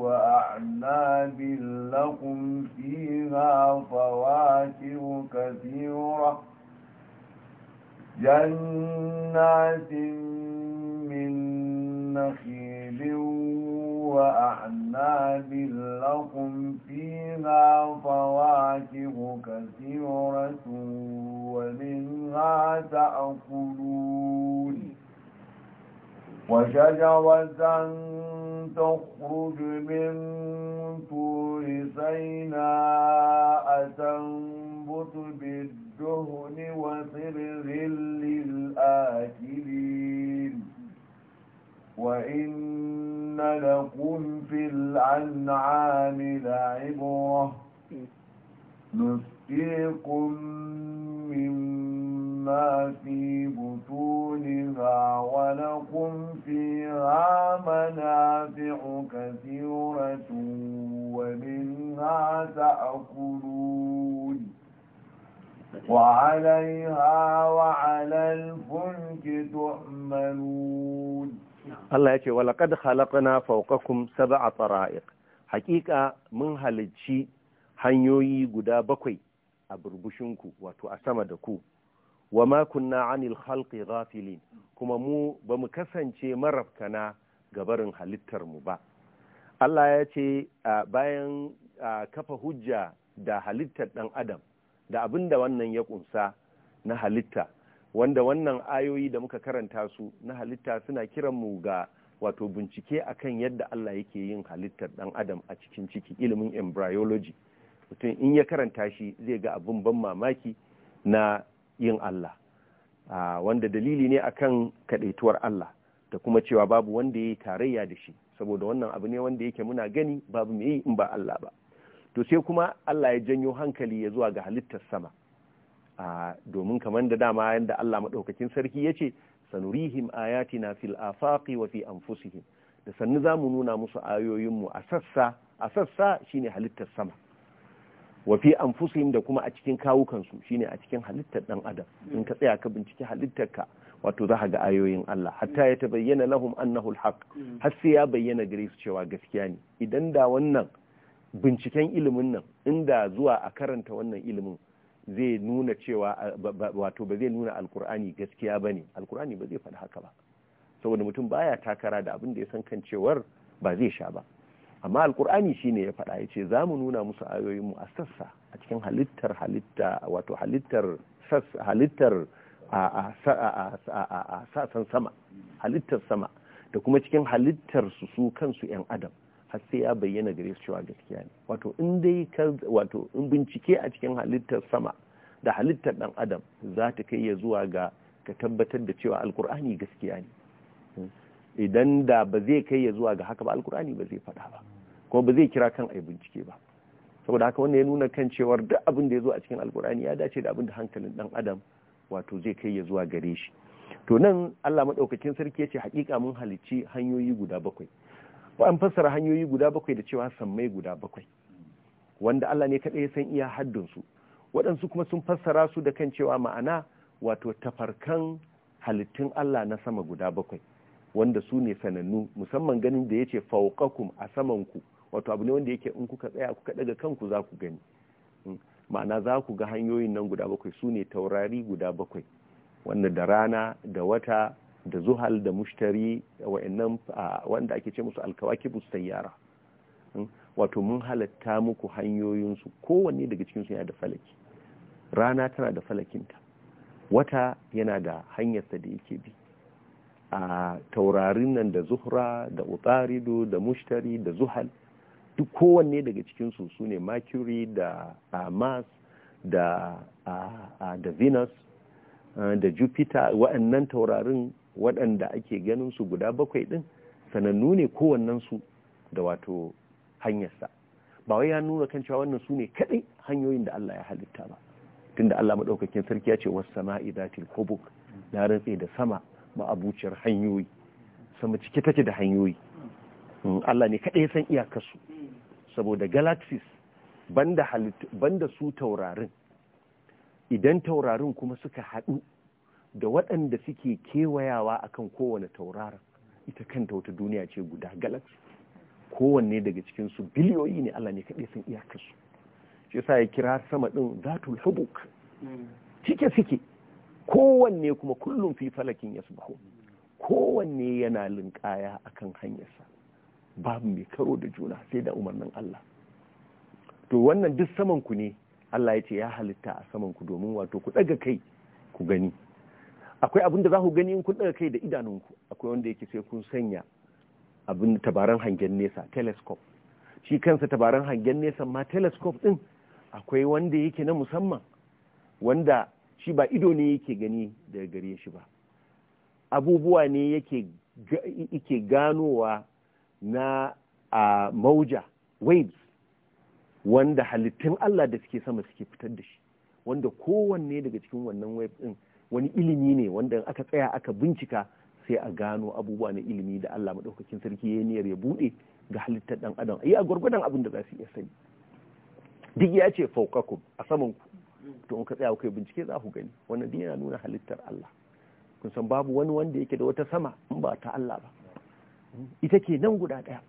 وأعناب لكم فيها فواكه كثيرة جنات من نخيل وأعناب أعناب لكم فيها فواكه كثيرة ومنها تأكلون وشجرة تخرج من طور سيناء تنبت بالدهن وصبغ للآكلين وإن لكم في الأنعام لعبرة نسقيكم مما في بطونها ولكم فيها منافع كثيرة ومنها تأكلون وعليها وعلى الفلك تؤمنون Allah ya ce wa laqad khalaqna fawqakum sab'a tara'iq haƙiƙa mun halicci hanyoyi guda bakwai a burbushinku wato a sama da ku wa ma kunna anil khalqi ghafilin kuma mu ba mu kasance marafkana ga barin halittar mu ba Allah ya ce bayan kafa hujja da halittar dan adam da abinda wannan ya kunsa na halitta wanda wannan ayoyi da muka karanta su na halitta suna kiran mu ga wato bincike akan yadda Allah yake yin halittar dan adam a cikin ciki ilimin embryology mutum in ya karanta shi zai ga abin ban mamaki na yin Allah wanda dalili ne akan kadaituwar Allah da kuma cewa babu wanda ya yi tarayya da shi saboda wannan abu ne wanda yake muna gani babu mai yi in ba Allah ba to sai kuma Allah ya janyo hankali ya zuwa ga halittar sama domin kamar da dama yadda Allah maɗaukakin sarki ya ce sanurihim ayatina fil afaqi wa fi anfusihim da sannu za mu nuna musu ayoyinmu a sassa a sassa shine halittar sama wa fi anfusihim da kuma a cikin kawukansu shine a cikin halittar ɗan adam in ka tsaya ka binciki ka wato za ka ga ayoyin Allah hatta ya tabayyana lahum annahu alhaq har sai ya bayyana gare su cewa gaskiya ne idan da wannan binciken ilimin nan inda zuwa a karanta wannan ilimin zai nuna cewa wato ba zai nuna alkur'ani gaskiya ba ne alkur'ani ba zai faɗi haka ba saboda mutum baya takara da abin da ya san kan cewar ba zai sha ba amma alkur'ani shine ya faɗa ya ce za mu nuna musu ayoyinmu a sassa a cikin halittar halitta wato halittar halittar a sassan sama halittar sama da kuma cikin halittar su su kansu 'yan adam har sai ya bayyana gare su cewa gaskiya ne wato in dai ka wato in bincike a cikin halittar sama da halittar dan adam za ta kai ya zuwa ga ka tabbatar da cewa alkur'ani gaskiya ne idan da ba zai kai ya zuwa ga haka ba alkur'ani ba zai faɗa ba kuma ba zai kira kan ai bincike ba saboda haka wanda ya nuna kan cewar duk abin da ya zo a cikin alkur'ani ya dace da abin da hankalin dan adam wato zai kai ya zuwa gare shi to nan Allah madaukakin sarki ya ce hakika mun halicci hanyoyi guda bakwai an fassara hanyoyi guda bakwai da cewa sammai guda bakwai wanda Allah ne kaɗai ya san iya su waɗansu kuma sun fassara su da kan cewa ma'ana wato tafarkan halittun Allah na sama guda bakwai wanda su ne sanannu musamman ganin da ya ce fauƙakum a samanku wato abu ne wanda yake in kuka tsaya kuka daga kanku za ku gani hmm. ma'ana za ku ga hanyoyin nan guda bakwai su ne taurari guda bakwai wanda da rana da wata da zuhal da mushtari wa'annan wanda ake ce musu alkawaki sayyara hmm? wato mun halatta muku hanyoyinsu kowanne daga cikinsu yana da falaki rana tana da falakinta wata yana da hanyarsa da yake bi a taurarin nan da zuhra da utarido da mushtari da zuhal duk kowanne daga cikinsu su ne mercury da mars da, da venus eh, da jupiter waɗannan taurarin waɗanda ake ganin su guda bakwai ɗin sanannu ne kowannensu da wato hanyarsa ba wai ya nuna kan cewa wannan su ne kaɗai hanyoyin da Allah ya halitta ba tunda Allah maɗaukakin sarki ya ce wasu sama'i zatil hubuk na rantse da sama ma'abuciyar hanyoyi sama cike take da hanyoyi hmm, Allah ne kaɗai ya san iyakarsu saboda galaxies banda su taurarin idan taurarin kuma suka haɗu da waɗanda suke kewayawa akan kowane tauraron ita kanta wata duniya ce guda galaxy kowanne daga cikinsu biliyoyi ne Allah ne kaɗai sun iyakarsu shi sa ya kira sama ɗin zatul hubuk cike suke kowanne kuma kullum fi falakin ya kowanne yana linkaya akan hanyarsa babu mai karo da juna sai da umarnin Allah to wannan duk saman ku ne Allah ya ce ya halitta a saman ku domin wato ku ɗaga kai ku gani akwai abin da za ku gani in kun daga kai da idanunku akwai wanda yake sai kun sanya abin tabaran hangen nesa telescope shi kansa tabaran hangen nesa ma telescope din akwai wanda yake na musamman wanda shi ba ido ne yake gani daga gare shi ba abubuwa ne yake ganowa na a mauja waves wanda halittun Allah da suke sama suke fitar da shi wanda kowanne daga cikin wannan wave ɗin. wani ilimi ne wanda aka tsaya aka bincika sai a gano abubuwa na ilimi da Allah maɗaukakin sarki ya niyyar ya buɗe ga halittar ɗan adam yi a gwargwadon abin da za su iya sani duk ya ce faukakum a saman ku to in ka tsaya kai bincike za ku gani wannan duk yana nuna halittar Allah kun san babu wani wanda yake da wata sama in ba ta Allah ba ita ke nan guda ɗaya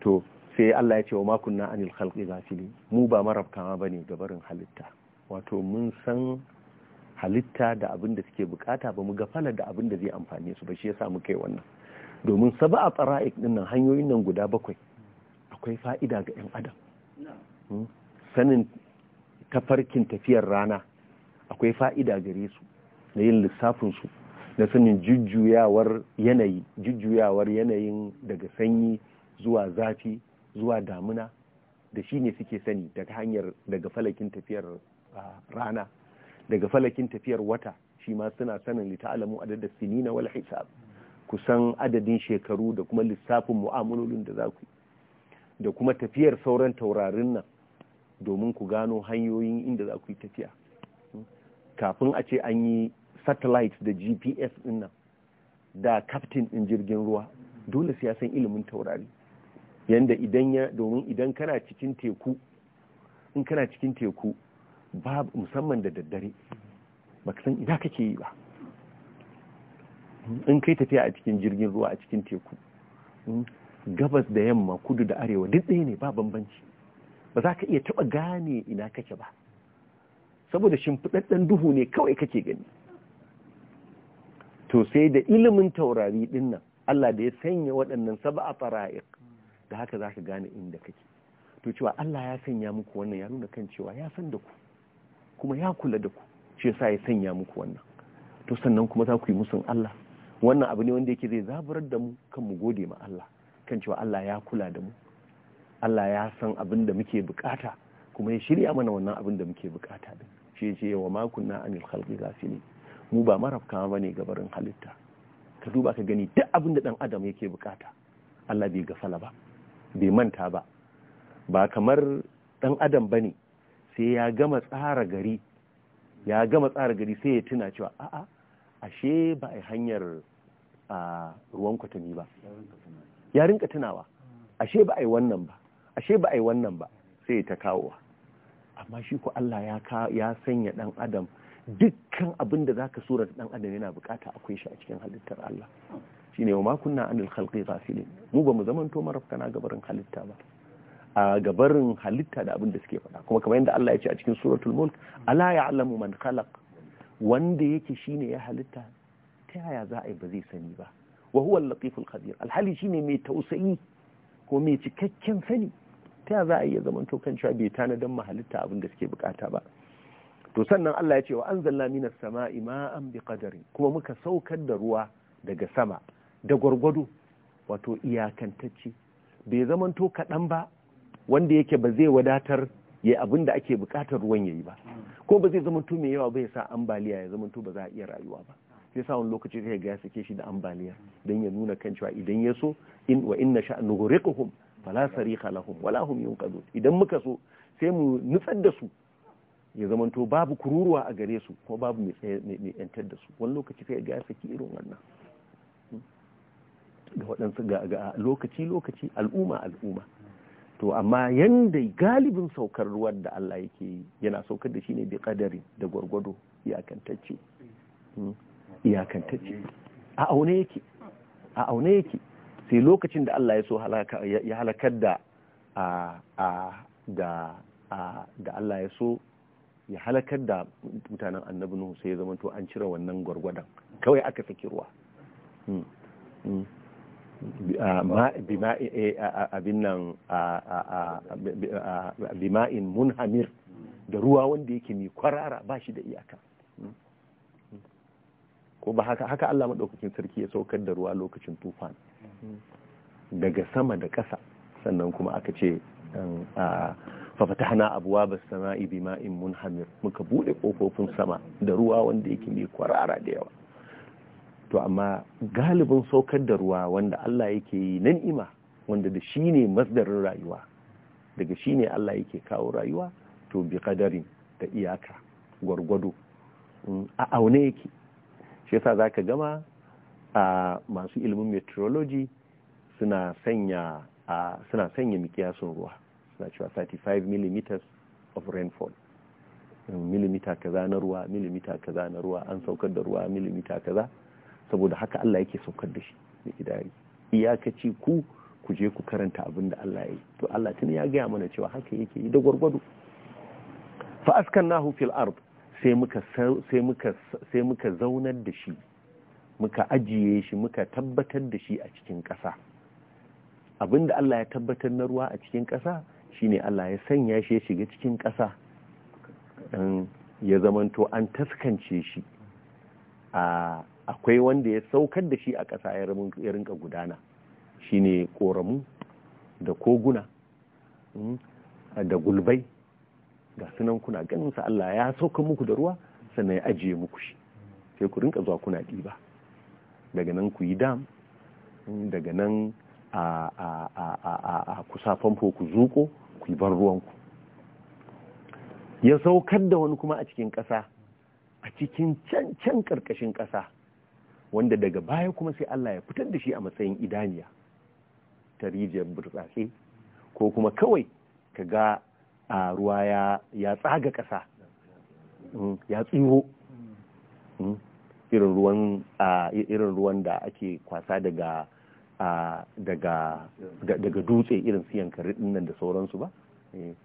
to sai Allah ya ce wa makunna anil khalqi ghafilin mu ba marabta ma bane gabarin halitta wato mun san halitta da abin da suke bukata ba mu gafala da abin da zai amfani su ba shi yasa muka yi wannan domin saba a tsara'ik dinnan hanyoyin nan guda bakwai akwai fa'ida ga 'yan adam hmm? sanin tafarkin tafiyar rana akwai fa'ida gare su na yin lissafinsu na sanin jujjuyawar yanayi jujjuyawar yanayin daga sanyi zuwa zafi zuwa damina da shi ne suke sani daga hanyar daga falakin tafiyar ah, rana daga falakin tafiyar wata shi ma suna sanin lita'alamu adadin sinina wal hisab kusan adadin shekaru da kuma lissafin mu'amalolin da za ku da kuma tafiyar sauran taurarin nan domin ku gano hanyoyin inda za ku yi tafiya kafin a ce an yi satellite da gps din nan da captain din jirgin ruwa dole sai ya ilimin taurari yanda idan ya domin idan kana cikin teku in kana cikin teku babu musamman da daddare ba san ina kake yi ba in kai tafiya a cikin jirgin ruwa a cikin teku hmm, gabas da yamma kudu da arewa duk ɗaya ne ba bambanci ba za ka iya taɓa gane ina kake ba saboda shimfiɗaɗɗen duhu ne kawai kake gani to sai da ilimin taurari ɗin nan Allah da ya sanya waɗannan saba a fara'iq da haka za ka gane inda kake to cewa Allah ya sanya muku wannan ya nuna kan cewa ya san da ku kuma ya kula da ku shi yasa ya sanya muku wannan to sannan kuma za ku yi musun Allah wannan abu ne wanda yake zai zaburar da mu kan mu gode ma Allah kan cewa Allah ya kula da mu Allah ya san abin da muke bukata kuma ya shirya mana wannan abin da muke bukata din shi ce wa ma kunna anil khalqi ghafilin mu ba marafka ne ga barin halitta ka duba ka gani duk abin da dan adam yake bukata Allah bai gafala ba bai manta ba ba kamar dan adam bane sai ya gama tsara gari ya gama tsara gari sai ya tuna cewa a'a ashe ba a hanyar ruwan kwatami ba ya rinka tunawa ashe ba a yi wannan ba ashe ba a yi wannan ba sai ta kawowa amma shi ko Allah ya sanya dan adam dukkan abin da zaka sura dan adam yana bukata akwai shi a cikin halittar Allah shine wa ma kunna anil khalqi ghafilin mu ba mu zamanto marafkana gabarin halitta ba a gabarin halitta da abin da suke faɗa kuma kamar yadda Allah ya ce a cikin suratul mulk ala ya'lamu man khalaq wanda yake shine ya halitta ta yaya za a yi ba zai sani ba wa huwa al-latiful khabir alhali shine mai tausayi ko mai cikakken sani ta yaya za a yi ya zaman to kan cewa bai tanadan ma halitta abin da suke bukata ba to sannan Allah ya ce wa anzalna minas sama'i ma'an biqadarin kuma muka saukar da ruwa daga sama da gwargwado wato iyakantacce bai zaman to kaɗan ba wanda yake ba zai wadatar ya abin da ake bukatar ruwan yayi ba ko ba zai zama mai yawa ba ya sa ambaliya ya zama ba za a iya rayuwa ba sai sa wani lokaci sai ga sake shi da ambaliya dan ya nuna kan cewa idan ya so in wa inna sha nughriquhum fala sariha lahum wala hum yunqadun idan muka so sai mu nutsar da su ya zama to babu kururuwa a gare su ko babu mai yantar da su wani lokaci sai ga sake irin wannan ga waɗansu ga lokaci lokaci al'umma al'umma to amma yanda galibin saukar ruwan da Allah yake yana saukar da shi ne bi kadari da gwargwado iyakantacce hmm? iyakantacce a aune yake a aune yake sai lokacin da Allah ya so ya halakar da da da Allah ya so ya halakar da mutanen annabi Nuhu sai ya zama to an cire wannan gwargwadon kawai aka saki ruwa hmm. Hmm. Eh, abin nan bima'in munhamir da ruwa wanda yake mai kwarara ba shi da iyaka ko ba haka haka Allah maɗaukakin sarki ya saukar da ruwa lokacin tufan daga sama da ƙasa sannan kuma aka ce um, fafata hana abuwa ba sama'i bima'in munhamir muka buɗe ƙofofin sama da ruwa wanda yake mai kwarara da yawa to amma galibin saukar da ruwa wanda Allah yake yi nan ima wanda da shi ne masdarin rayuwa daga shi ne Allah yake kawo rayuwa to bi kadarin da iyaka gwargwado mm, a aune yake shi yasa ka gama a masu ilimin meteorology suna sanya a suna sanya mikiyasin ruwa suna cewa 35 mm of rainfall mm, milimita kaza na ruwa milimita kaza na ruwa an saukar da ruwa milimita kaza saboda haka Allah yake saukar da shi da idari iyakaci ku ku je ku karanta abin da Allah ya yi to Allah tun ya gaya mana cewa haka yake yi da gwargwado fa askannahu fil ard sai muka sai muka sai muka zaunar da shi muka ajiye shi muka tabbatar da shi a cikin ƙasa abin da Allah ya tabbatar na ruwa a cikin ƙasa shine Allah ya sanya shi ya shiga cikin ƙasa um, ya zamanto an taskance shi a akwai wanda ya saukar da shi a ƙasa ya rinka gudana shine ƙoramu da koguna mm, da gulbai ga sunan kuna ganin sa Allah ya sauka muku da ruwa sannan ya ajiye muku shi sai ku rinka zuwa kuna ɗiba daga nan ku yi dam mm, daga nan a kusa famfo ku zuko ku yi ban ruwanku ya saukar da wani kuma a cikin ƙasa a cikin can can ƙarƙashin ƙasa wanda daga baya kuma sai Allah ya fitar da shi a matsayin idaniya ta rijiyar burtsatse ko kuma kawai ka ga a ruwa ya tsaga ƙasa mm, ya tsiho mm, irin ruwan da ake kwasa daga daga dutse irin siyan yankari nan da sauransu ba eh,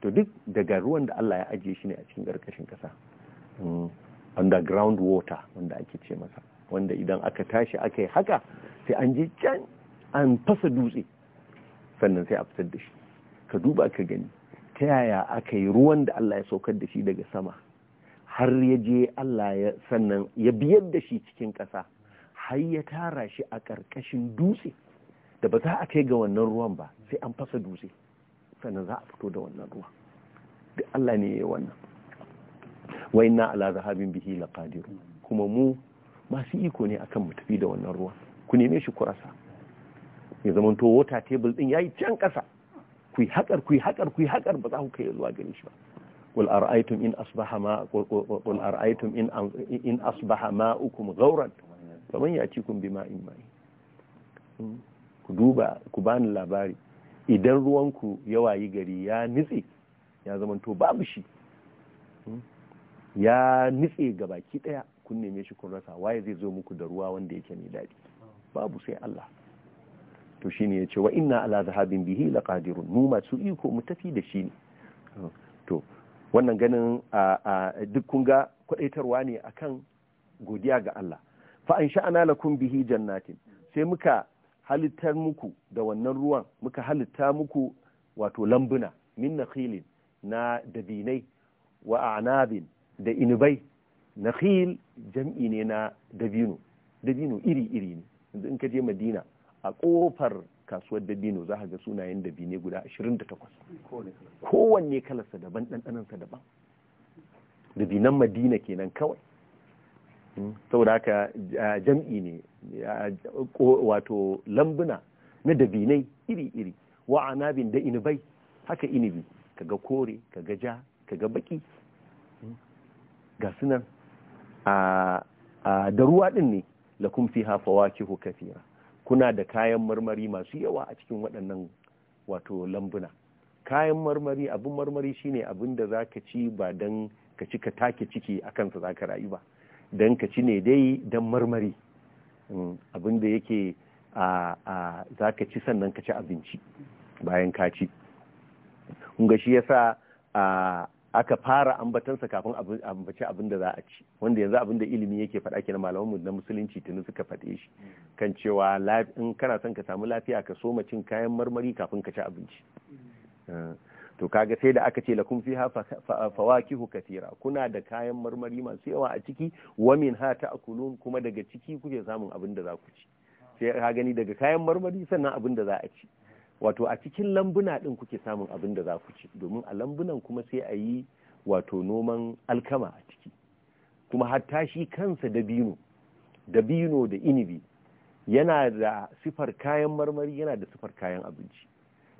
to duk daga ruwan da Allah ya ajiye shi ne a cikin ƙarƙashin ƙasa mm, underground water wanda ake ce masa wanda idan aka tashi aka yi haka sai an je can an fasa dutse sannan sai a fitar da shi ka duba ka gani ta yaya aka yi ruwan da Allah ya saukar da shi daga sama har ya je Allah ya sannan ya biyar da shi cikin ƙasa har ya tara shi a ƙarƙashin dutse da ba za a kai ga wannan ruwan ba sai an fasa dutse sannan za a fito da wannan ruwa duk Allah ne ya yi wannan wa inna ala zahabin bihi laqadir kuma mu masu iko ne akan mu tafi da wannan ruwan ku neme shi kurasa ya zama to water table din yayi can kasa ku yi hakar ku yi hakar ku yi hakar ba za ku kai zuwa gare shi ba wal ara'aytum in asbaha ma wal ara'aytum in in asbaha ma'ukum ghawran faman yatikum in ma'i ku duba ku bani labari idan ruwanku ya wayi gari ya nitse ya to babu shi ya nitse ga baki daya kun neme shi kun rasa waye zai zo muku da ruwa wanda yake mai daɗi babu sai Allah to shine yace wa inna ala zahabin bihi laqadirun mu ma su iko mu tafi da shi ne to wannan ganin a duk kun ga kwadaitarwa ne akan godiya ga Allah fa an sha'ana lakum bihi jannatin sai muka halittar muku da wannan ruwan muka halitta muku wato lambuna min nakhilin na dabinai wa a'nabin da inubai nakhil jam'i ne na dabino dabino iri-iri ne in ka je madina a kofar kasuwar dabino za ka ga sunayen dabine guda 28 kowanne kalarsa daban ɗanɗanansa daban dabinan madina kenan kawai hmm? saboda haka jam'i ne wato lambuna na dabinai iri-iri wa anabin da inibai haka inibi kaga kore kaga ja kaga baki hmm? ga sunan da ruwa ɗin ne La kum fiha fawakihu kathira kuna da kayan marmari masu yawa a cikin waɗannan wato lambuna kayan marmari abin marmari shine abin da zaka ci ba dan ka ci ka take ciki akan sa zaka rayu ba dan ka ci ne dai dan marmari mm, abin da yake a a zaka ci sannan ka ci abinci bayan ka ci kun ga shi yasa a aka fara ambatansa kafin ambaci abin da za a ci wanda yanzu abin da ilimi yake faɗa kenan malaman mu na musulunci tuni suka faɗe shi kan cewa in kana son ka samu lafiya ka soma cin kayan marmari kafin ka ci abinci eh, to kaga sai da aka ce lakum fiha fawakihu katira kuna da kayan marmari masu yawa a ciki wa min ha ta'kulun kuma daga ciki kuke samun abin da za ku ci sai ka gani daga kayan marmari sannan abin da za a ci wato a cikin lambuna ɗin kuke samun abin da za ku ci domin a lambunan kuma sai a yi wato noman alkama a ciki kuma hatta shi kansa dabino dabino da inibi yana da sifar kayan marmari yana da sifar kayan abinci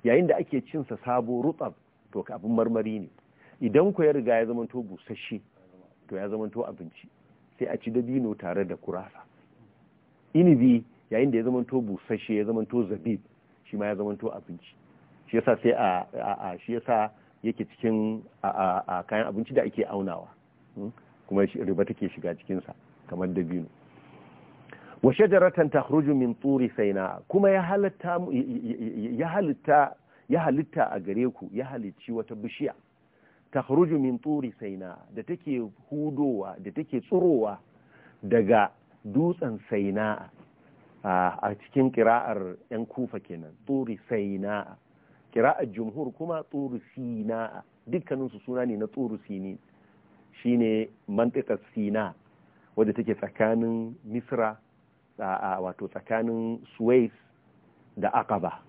yayin da ake cin sa sabo rutsab to abin marmari ne idan ku ya riga ya zamanto busasshe to ya zamanto abinci sai a ci dabino tare da kurasa inibi yayin da ya zamanto busasshe ya zamanto zabib shi ma ya zamanto abinci shi yasa sai a shi yasa yake cikin a kayan abinci da ake aunawa hmm? kuma riba take shiga cikin sa kamar dabino wa shajaratan takhruju min turi saina kuma ya halitta ya halitta ya halitta a gare ku ya halicci wata bishiya takhruju min turi saina da take hudowa da take tsurowa daga dutsen saina a cikin kira'ar 'yan kufa kenan turi na'a kira'ar jumhur kuma turi sina'a dukkaninsu suna ne na turi sini shine mantikar sina wadda take tsakanin misra a wato tsakanin suwais da akaba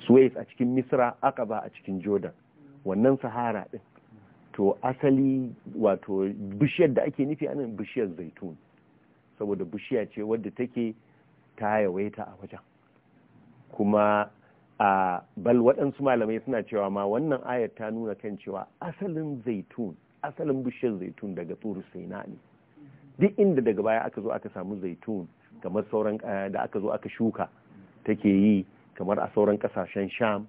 suwais a cikin misra akaba a cikin jordan wannan sahara din to asali wato bishiyar da ake nufi anan bishiyar zaitun saboda bishiya ce wadda take ta yawaita a wajen kuma a bal waɗansu malamai suna cewa ma wannan ayar ta nuna kan cewa asalin zaitun asalin bishiyar zaitun daga tsoro saina ne duk inda daga baya aka zo aka samu zaitun kamar sauran da aka zo aka shuka take yi kamar a sauran kasashen sham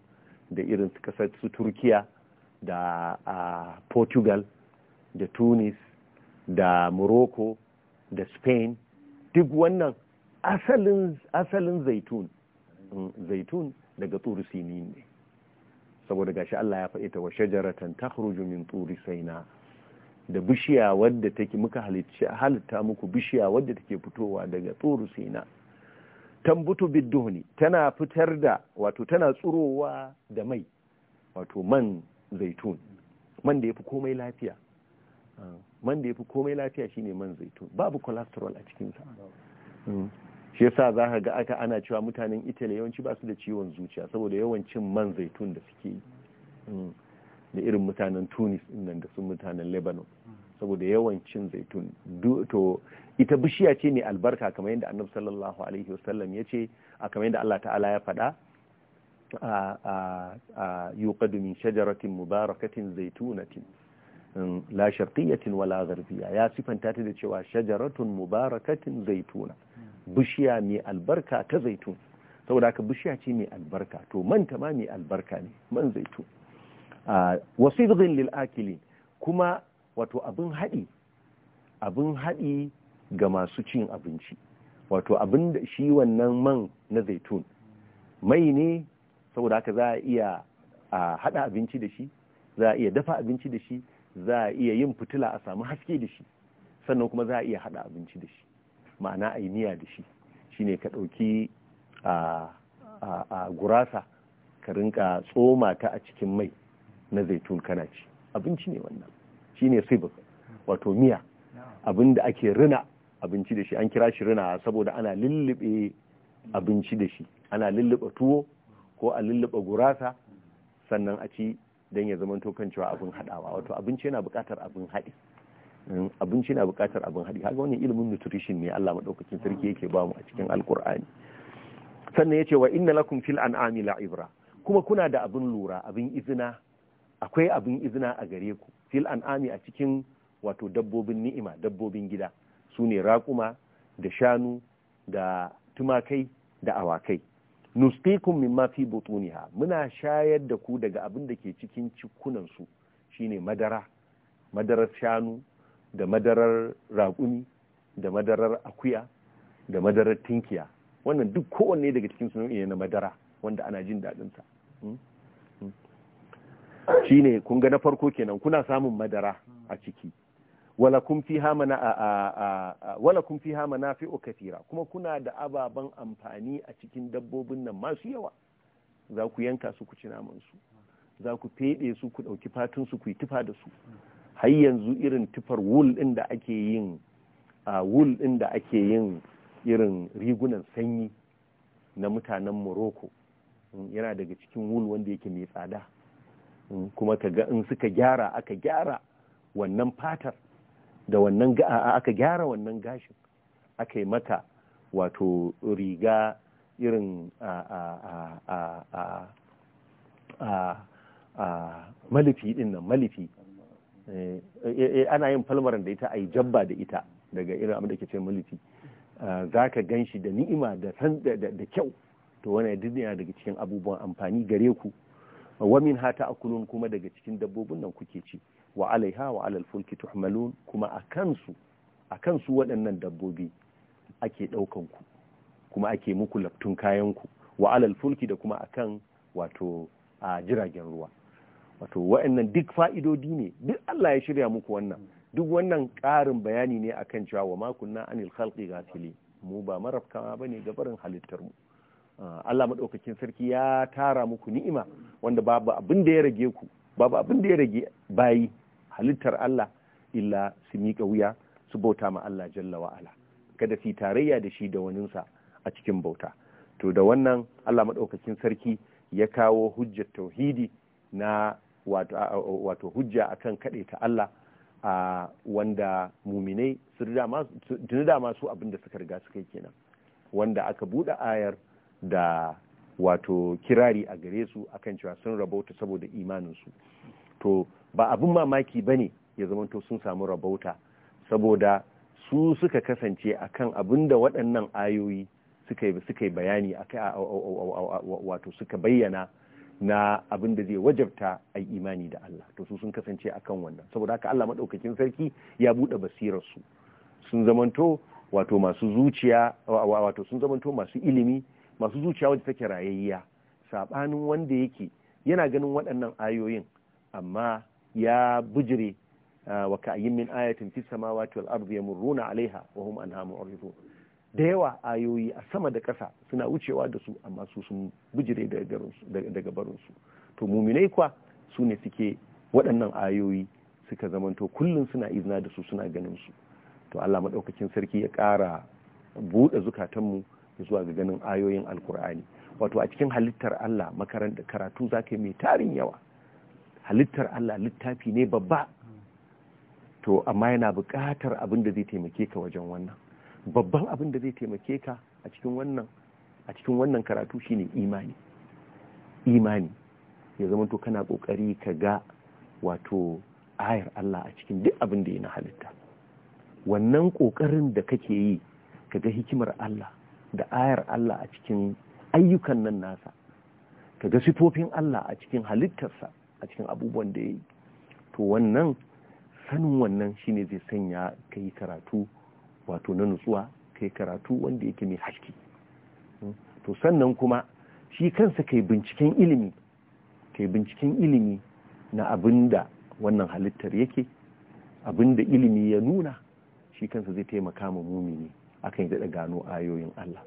da irin kasar su turkiya da portugal da tunis da morocco da spain duk wannan asalin zaitun mm, zaitun daga turu ne saboda gashi Allah ya faɗi ta wa shajaratan takhruju min turi saina da bishiya wadda take muka halitta halitta muku bishiya wadda take fitowa daga turu sina tambutu biddoni tana fitar da wato tana tsurowa da mai wato man zaitun man da yafi komai lafiya ah, man da yafi komai lafiya shine man zaitun babu cholesterol a cikinsa mm. shi yasa za ka ga aka ana cewa mutanen italy yawanci ba su da ciwon zuciya saboda yawancin man zaitun da suke yi mm, da irin mutanen tunis nan da sun mutanen lebanon saboda yawancin zaitun to ita bishiya ce mai albarka kamar yadda annabi sallallahu alaihi wasallam ya ce a kamar yadda allah ta'ala ya faɗa a yuqadu min shajaratin mubarakatin zaitunatin la sharqiyyatin wala gharbiya ya sifanta ta da cewa shajaratun mubarakatin zaituna bishiya mai albarka ta zaitun saboda haka bishiya ce mai albarka to man ta ma mai albarka ne man zaitun wa sidghin lil akilin kuma wato abin haɗi abin haɗi ga masu cin abinci wato abin da shi wannan man na zaitun mai ne saboda haka za a iya haɗa abinci da shi za a iya dafa abinci da shi za a iya yin fitila a samu haske da shi sannan kuma za a iya haɗa abinci da shi ma'ana a yi miya da shi shine ka ɗauki a gurasa ka rinka tsoma ta a cikin mai na zaitun kana ci abinci ne wannan shine sibir wato miya abinda ake rina abinci da shi an kira shi rina saboda ana lullube abinci da shi ana lullube tuwo ko a lullube gurasa sannan a ci don ya zama tokan cewa abin haɗawa wato abinci yana buƙatar abin haɗi hmm, abinci yana buƙatar abin haɗi haka wannan ilimin nutrition ne Allah maɗaukakin sarki yake ba mu a cikin alkur'ani sannan ya ce wa inna lakum fil an'ami la'ibra kuma kuna da abin lura abin izina akwai abin izina a gare ku fil an'ami a cikin wato dabbobin ni'ima dabbobin gida su ne raƙuma da shanu da tumakai da awakai nuskikun min fi butuniha muna shayar da ku daga abin da ke cikin cikunan su shine madara madarar shanu da madarar raƙumi da madarar akuya da madarar tinkiya wannan duk kowanne daga cikin ne na madara wanda ana jin daɗinsa sa hmm? hmm? shine kun ga na farko kenan kuna samun madara a ciki walakum fiha mana walakum fiha kuma kuna da ababan amfani a cikin dabbobin nan masu yawa za ku yanka su ku ci namansu? su za ku fede su ku ɗauki fatun su ku yi tufa da su har yanzu irin tufar wool ɗin da ake yin wool ɗin da ake yin irin rigunan sanyi na mutanen Morocco mm, yana daga cikin wool wanda yake mai tsada mm, kuma kaga in suka gyara aka gyara wannan fatar da wannan aka gyara wannan gashin aka yi mata wato riga irin malifi din nan malifi eh, eh, eh, ana yin falmaran da ita a yi jabba da ita daga irin abin da ke ce malifi za ka gan shi da ni'ima da kyau to wani duniya daga cikin abubuwan amfani gare ku wa min hata akulun kuma daga cikin dabbobin nan kuke ci wa alaiha wa alal fulki tuhmalun kuma a kansu a kansu waɗannan dabbobi ake ɗaukan ku kuma ake muku laftun kayan ku wa alal fulki da kuma akan wato a jiragen ruwa wato waɗannan duk fa'idodi ne duk Allah ya shirya muku wannan duk wannan ƙarin bayani ne akan cewa wa makunna anil khalqi ghafili mu ba ba bane ga barin halittar mu Allah madaukakin sarki ya tara muku ni'ima wanda babu abin da ya rage ku babu abin da ya rage bayi halittar Allah illa su miƙa wuya su bauta ma Allah jalla wa'ala kada su yi tarayya da shi da waninsa a cikin bauta to da wannan Allah maɗaukakin sarki ya kawo hujjar tauhidi na wato hujja akan ta Allah a wanda muminai su da masu abin da suka riga suka yi kenan wanda aka buɗe ayar da wato kirari a gare su akan cewa sun rabauta saboda imaninsu to ba abin mamaki ba ne ya zamanto sun samu rabauta saboda su suka kasance a kan abin da waɗannan ayoyi suka yi bayani wato suka bayyana na abin da zai wajabta a imani da Allah to su sun kasance a kan wannan saboda haka Allah maɗaukakin sarki ya buɗe basirarsu sun zamanto wato masu zuciya wato sun zamanto masu ilimi masu zuciya wadda take rayayya saɓanin wanda yake yana ganin waɗannan ayoyin amma ya bujire uh, wa ka'ayyin min ayatin fis samawati wal ardi yamurruna alaiha wa hum anha mu'ridun da yawa ayoyi a sama da ƙasa suna wucewa da su amma su sun bujire daga barinsu to muminai kuwa su ne suke waɗannan ayoyi suka zamanto kullum suna izina da su suna ganin su to Allah maɗaukacin sarki ya ƙara buɗe zukatanmu zuwa ga ganin ayoyin alkur'ani wato a cikin halittar Allah makaranta karatu za ka yi mai tarin yawa halittar Allah littafi ne babba to amma yana buƙatar abin da zai taimake ka wajen wannan babban abin da zai taimake ka a cikin wannan a cikin wannan karatu shine imani imani ya zama to kana kokari ka ga wato ayar Allah a cikin duk abin da yana halitta wannan ƙoƙarin da kake yi ka ga hikimar Allah da ayar Allah a cikin ayyukan nan nasa ka ga sifofin Allah a cikin halittarsa a cikin abubuwan da ya yi to wannan sanin wannan shine zai sanya ka yi karatu wato na nutsuwa ka yi karatu wanda yake mai haske to sannan kuma shi kansa kai binciken ilimi kai binciken ilimi na abin da wannan halittar yake abin da ilimi ya nuna shi kansa zai taimaka ma mumini akan daɗa gano ayoyin Allah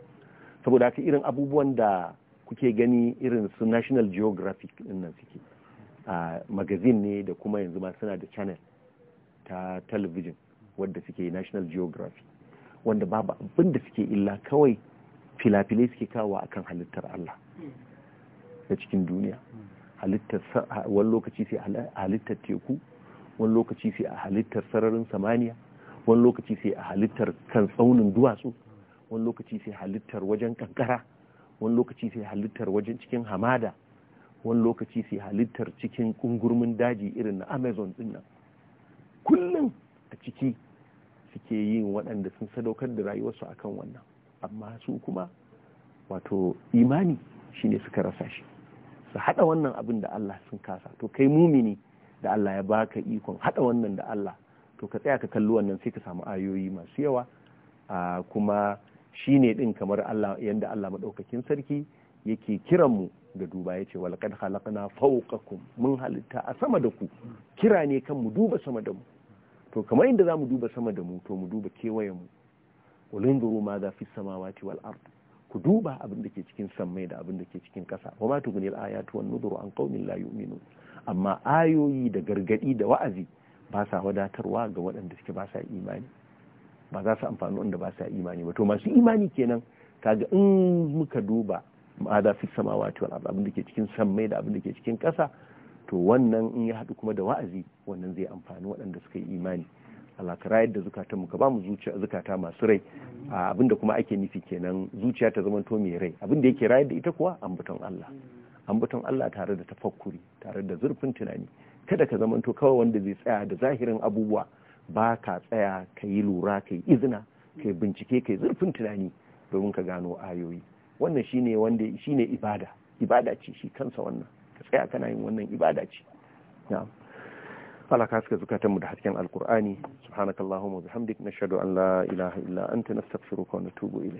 saboda haka irin abubuwan da kuke gani irin su national geographic nan suke a magazin ne da kuma yanzu ma suna da channel ta television wadda suke national geography wanda babu abin da suke illa kawai filafilai suke kawo akan halittar Allah da cikin duniya halittar wani lokaci sai halittar teku wani lokaci sai a halittar sararin samaniya wani lokaci sai a halittar kan tsaunin duwatsu wani lokaci sai halittar wajen kankara wani lokaci sai halittar wajen cikin hamada wani lokaci su halittar cikin kungurmin daji irin na amazon din nan kullum a ciki suke yin waɗanda sun sadaukar da rayuwarsu akan wannan amma su kuma wato imani shine suka rasa shi su haɗa wannan abin da Allah sun kasa to kai mumini da Allah ya baka ikon haɗa wannan da Allah to ka tsaya ka kalli wannan sai ka samu ayoyi masu yawa kuma shine din kamar Allah yanda Allah maɗaukakin sarki yake kiran mu ga duba ya ce walƙad halakna mun halitta a sama da ku kira ne kan mu duba sama da mu to kamar inda za mu duba sama da mu to mu duba kewayen mu ulin zuru ma za fi wa ce wal'ar ku duba abin da ke cikin sammai da abin da ke cikin ƙasa wa ma tukuni al'aya tuwa wan an ƙaunin layu minu amma ayoyi da gargaɗi da wa'azi ba sa wadatarwa ga waɗanda suke ba sa imani ba za su amfani wanda ba sa imani ba to masu imani kenan kaga in muka duba ma'ada fi samawati wal ard abin ke cikin sammai da abin da ke cikin ƙasa to wannan in ya haɗu kuma da wa'azi wannan zai amfani waɗanda suka yi imani Allah ka rayar da zukatan mu ka ba mu zuciya zukata masu rai abinda kuma ake nufi kenan zuciya ta zama to mai rai abinda yake rayar da ita kuwa ambaton Allah ambaton Allah tare da tafakkuri tare da zurfin tunani kada ka zama to kawai wanda zai tsaya da zahirin abubuwa ba ka tsaya ka yi lura ka yi izina ka bincike ka zurfin tunani domin ka gano ayoyi wannan shine wanda shine ibada ibada ce shi kansa wannan ka tsaya kana yin wannan ibada ce na'am Allah ka suka zukatan mu da hasken alkur'ani subhanakallahumma wa na nashhadu an la ilaha illa anta nastaghfiruka wa natubu ilayk